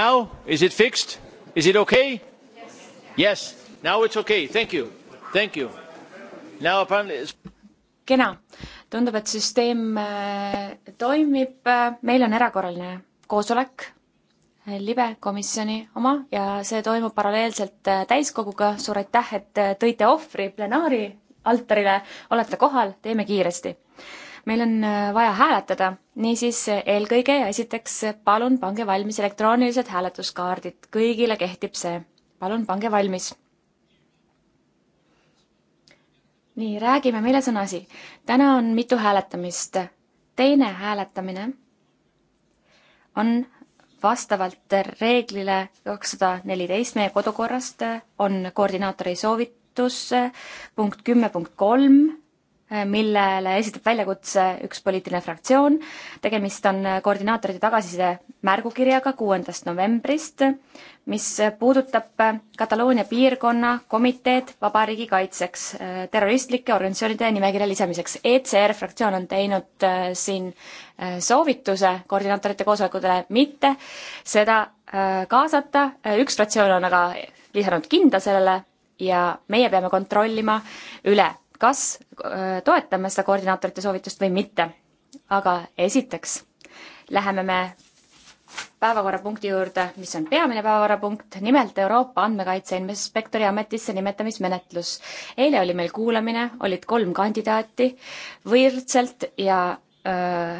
Now, is it fixed? Is it okay? Yes. yes. Now it's okay. Thank you. Thank you. Now apparently it's... kena, tundub, et süsteem äh, toimib, meil on erakorraline koosolek, äh, libe komisjoni oma ja see toimub paralleelselt äh, täiskoguga, suur aitäh, et tõite ohvri plenaari altarile, olete kohal, teeme kiiresti meil on äh, vaja hääletada, niisiis äh, eelkõige ja esiteks äh, palun pange valmis elektroonilised hääletuskaardid, kõigile kehtib see. palun pange valmis. nii, räägime, milles on asi. täna on mitu hääletamist. teine hääletamine on vastavalt reeglile kakssada neliteist meie kodukorrast on koordinaatori soovitus punkt kümme punkt kolm Äh, millele esitab väljakutse üks poliitiline fraktsioon. tegemist on koordinaatorite tagasiside märgukirjaga kuuendast novembrist, mis puudutab Kataloonia piirkonna komiteed vabariigi kaitseks äh, terroristlike organisatsioonide nimekirja lisamiseks. ECR fraktsioon on teinud äh, siin soovituse koordinaatorite koosolekutele mitte seda kaasata, üks fraktsioon on aga lisanud kinda sellele ja meie peame kontrollima üle kas toetame seda koordinaatorite soovitust või mitte. aga esiteks läheme me päevakorrapunkti juurde, mis on peamine päevakorrapunkt, nimelt Euroopa Andmekaitse Inspektori Ametisse nimetamismenetlus. eile oli meil kuulamine, olid kolm kandidaati võrdselt ja öö,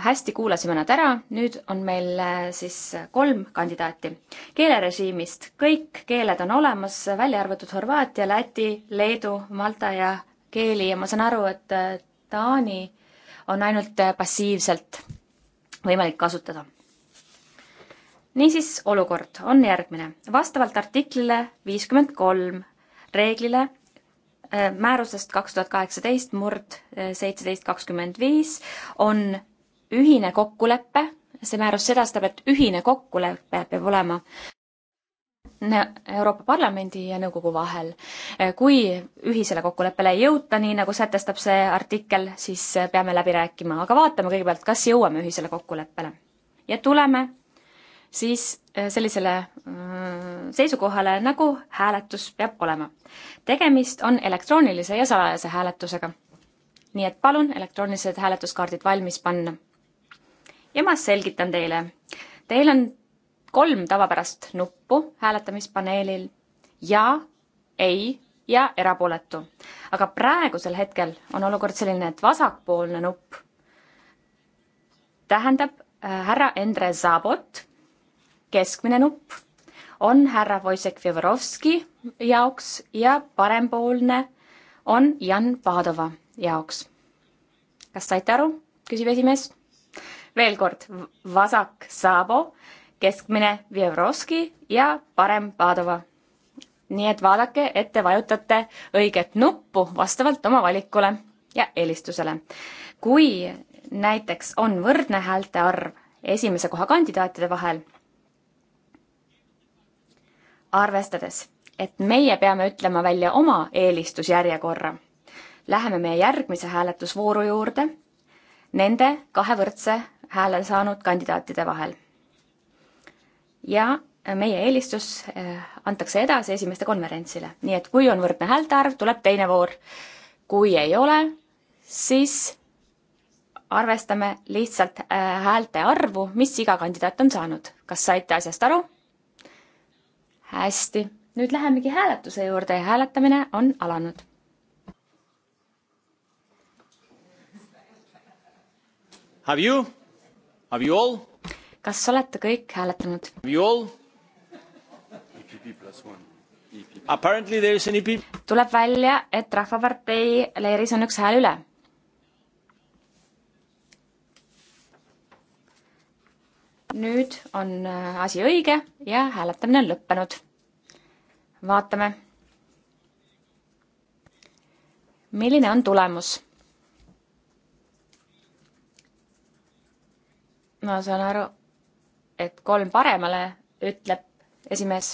hästi kuulasime nad ära, nüüd on meil siis kolm kandidaati. keelerežiimist, kõik keeled on olemas, välja arvatud Horvaatia, Läti, Leedu, Malta ja keeli ja ma saan aru, et äh, Taani on ainult äh, passiivselt võimalik kasutada. niisiis, olukord on järgmine. vastavalt artiklile viiskümmend kolm reeglile äh, määrusest kaks tuhat kaheksateist murd seitseteist kakskümmend viis on ühine kokkulepe, see määrus sedastab, et ühine kokkulepe peab olema Euroopa Parlamendi ja nõukogu vahel. kui ühisele kokkuleppele ei jõuta, nii nagu sätestab see artikkel, siis peame läbi rääkima, aga vaatame kõigepealt, kas jõuame ühisele kokkuleppele. ja tuleme siis äh, sellisele äh, seisukohale, nagu hääletus peab olema. tegemist on elektroonilise ja salajase hääletusega. nii et palun elektroonilised hääletuskaardid valmis panna. ja ma selgitan teile. Teil on kolm tavapärast nuppu hääletamispaneelil ja, ei ja erapooletu. aga praegusel hetkel on olukord selline, et vasakpoolne nupp tähendab äh, härra Endre Zabot, keskmine nupp on härra Wojciech Fjodorovski jaoks ja parempoolne on Jan Padova jaoks. kas saite aru, küsib esimees? veel kord, vasak Sabo keskmine Vjevrovski ja parem Padova. nii et vaadake, et te vajutate õiget nuppu vastavalt oma valikule ja eelistusele. kui näiteks on võrdne häälte arv esimese koha kandidaatide vahel, arvestades, et meie peame ütlema välja oma eelistusjärjekorra, läheme meie järgmise hääletusvooru juurde nende kahe võrdse hääle saanud kandidaatide vahel ja meie eelistus eh, antakse edasi esimeste konverentsile, nii et kui on võrdne häältearv, tuleb teine voor. kui ei ole, siis arvestame lihtsalt eh, häälte arvu, mis iga kandidaat on saanud. kas saite asjast aru? hästi, nüüd lähemegi hääletuse juurde ja hääletamine on alanud Have you? Have you all? kas olete kõik hääletanud? E e e tuleb välja, et Rahvapartei leeris on üks hääl üle. nüüd on äh, asi õige ja hääletamine on lõppenud. vaatame. milline on tulemus? ma saan aru et kolm paremale, ütleb esimees.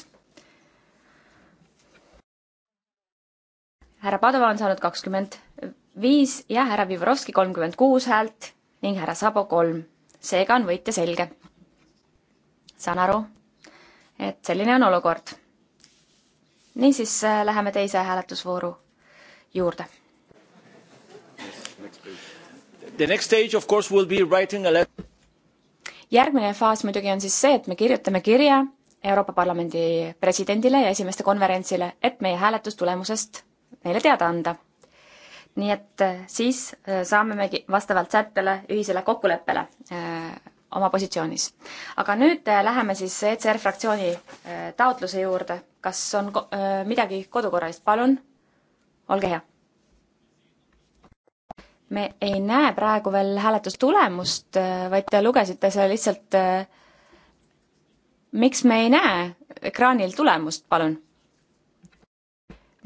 härra Padova on saanud kakskümmend viis ja härra Vivorovski kolmkümmend kuus häält ning härra Sabo kolm. seega on võitja selge. saan aru, et selline on olukord. niisiis äh, läheme teise hääletusvooru juurde. The next stage of course will be writing a letter järgmine faas muidugi on siis see, et me kirjutame kirja Euroopa Parlamendi presidendile ja esimeste konverentsile, et meie hääletustulemusest neile teada anda. nii et äh, siis äh, saame me vastavalt sättele ühisele kokkuleppele äh, oma positsioonis. aga nüüd läheme siis ECR fraktsiooni taotluse juurde. kas on ko midagi kodukorralist, palun, olge hea me ei näe praegu veel hääletustulemust, äh, vaid te lugesite seal lihtsalt. Äh, miks me ei näe ekraanil tulemust, palun?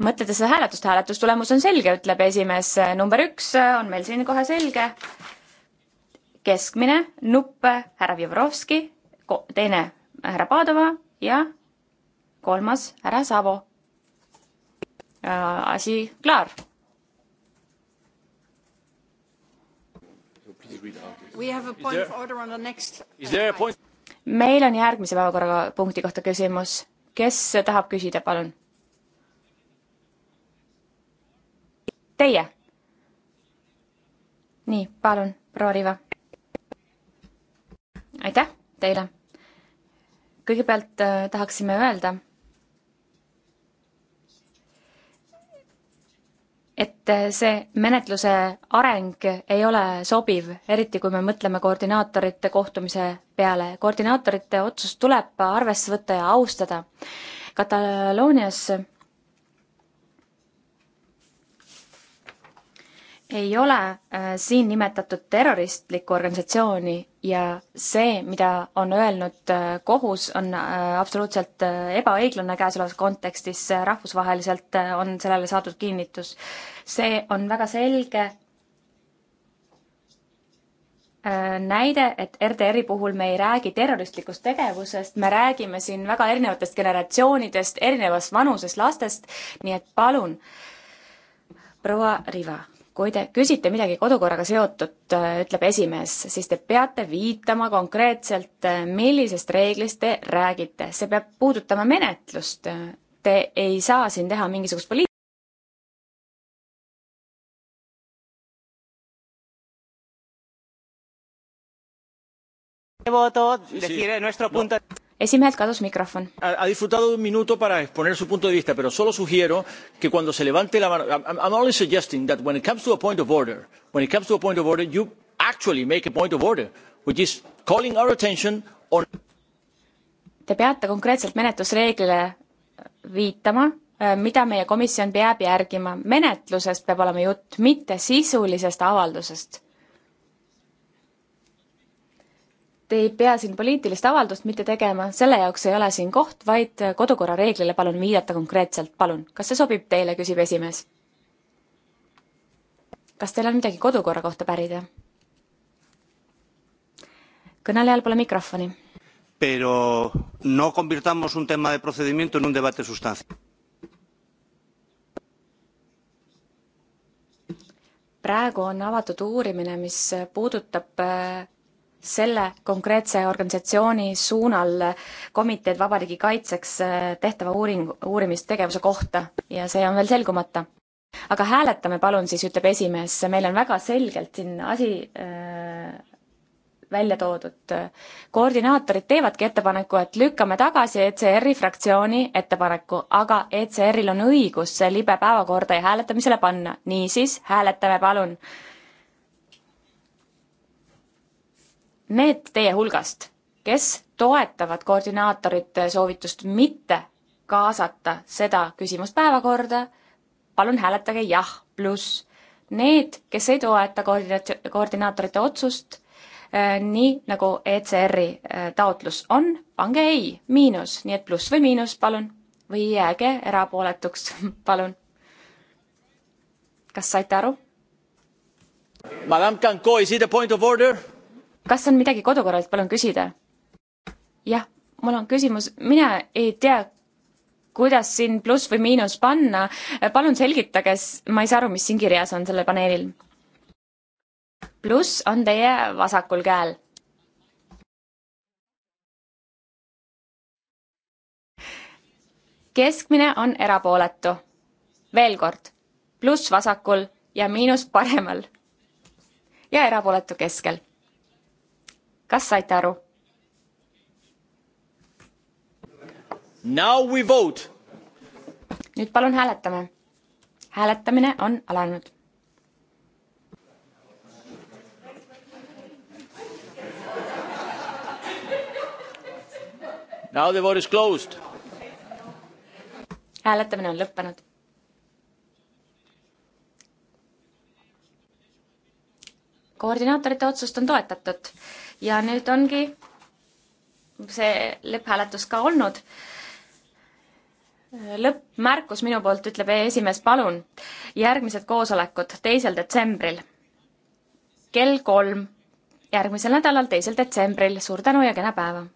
mõtlete seda hääletust, hääletustulemus on selge, ütleb esimees. Äh, number üks on meil siin kohe selge. keskmine nupp härra Vjevrovski, teine härra Padova ja kolmas härra Savo. asi klaar meil on järgmise päevakorrapunkti kohta küsimus. kes tahab küsida, palun? Teie. nii, palun, proua Riiva. aitäh teile. kõigepealt äh, tahaksime öelda et eh, see menetluse areng ei ole sobiv, eriti kui me mõtleme koordinaatorite kohtumise peale. koordinaatorite otsust tuleb arvesse võtta ja austada. Kataloonias ei ole äh, siin nimetatud terroristlikku organisatsiooni ja see, mida on öelnud äh, kohus, on äh, absoluutselt ebaõiglane käesolevas kontekstis, rahvusvaheliselt on sellele saadud kinnitus. see on väga selge näide, et RDR-i puhul me ei räägi terroristlikust tegevusest, me räägime siin väga erinevatest generatsioonidest, erinevast vanusest lastest, nii et palun, proua Riva kui te küsite midagi kodukorraga seotut, äh, ütleb esimees, siis te peate viitama konkreetselt, äh, millisest reeglist te räägite, see peab puudutama menetlust. Te ei saa siin teha mingisugust poliit-. voto, decir nuestro punto esimehelt kadus mikrofon. Ha disfrutado de un minuto para exponer su punto de vista, pero solo sugiero que cuando se levante la mano, I'm, I'm only suggesting that when it comes to a point of order, when it comes to a point of order, you actually make a point of order, which is calling our attention on. Te peate konkreetselt menetlusreeglile viitama, äh, mida meie komisjon peab järgima. menetlusest peab olema jutt, mitte sisulisest avaldusest te ei pea siin poliitilist avaldust mitte tegema, selle jaoks ei ole siin koht, vaid kodukorra reeglile palun viidata konkreetselt, palun. kas see sobib teile, küsib esimees. kas teil on midagi kodukorra kohta pärida? kõnelejal pole mikrofoni. Pero no convirtamos un tema de procedimiento en un debate sustancial. praegu on avatud uurimine, mis puudutab äh, selle konkreetse organisatsiooni suunal komiteed Vabariigi Kaitseks äh, tehtava uuring, uurimistegevuse kohta ja see on veel selgumata. aga hääletame palun siis, ütleb esimees, meil on väga selgelt siin asi äh, välja toodud. koordinaatorid teevadki ettepaneku, et lükkame tagasi ECR-i fraktsiooni ettepaneku, aga ECR-il on õigus see libe päevakorda ja hääletamisele panna. niisiis, hääletame palun äh, need teie hulgast, kes toetavad koordinaatorite soovitust mitte kaasata seda küsimust päevakorda, palun hääletage jah, pluss. Need, kes ei toeta koordinats-, koordinaatorite otsust, äh, nii nagu ECR-i äh, taotlus on, pange ei, miinus, nii et pluss või miinus, palun. või jääge erapooletuks palun. kas saite aru? Madame Canco, is it a point of order? kas on midagi kodukorralt, palun küsida? jah, mul on küsimus, mina ei tea, kuidas siin pluss või miinus panna. palun selgitage, ma ei saa aru, mis siin kirjas on sellel paneelil. pluss on teie vasakul käel. keskmine on erapooletu. veel kord, pluss vasakul ja miinus paremal. ja erapooletu keskel kas saite aru? Now we vote. nüüd palun hääletame. hääletamine on alanud. Now the vote is closed. hääletamine on lõppenud. koordinaatorite otsust on toetatud ja nüüd ongi see lõpphääletus ka olnud. lõppmärkus minu poolt ütleb esimees, palun järgmised koosolekud teisel detsembril kell kolm, järgmisel nädalal, teisel detsembril, suur tänu ja kena päeva!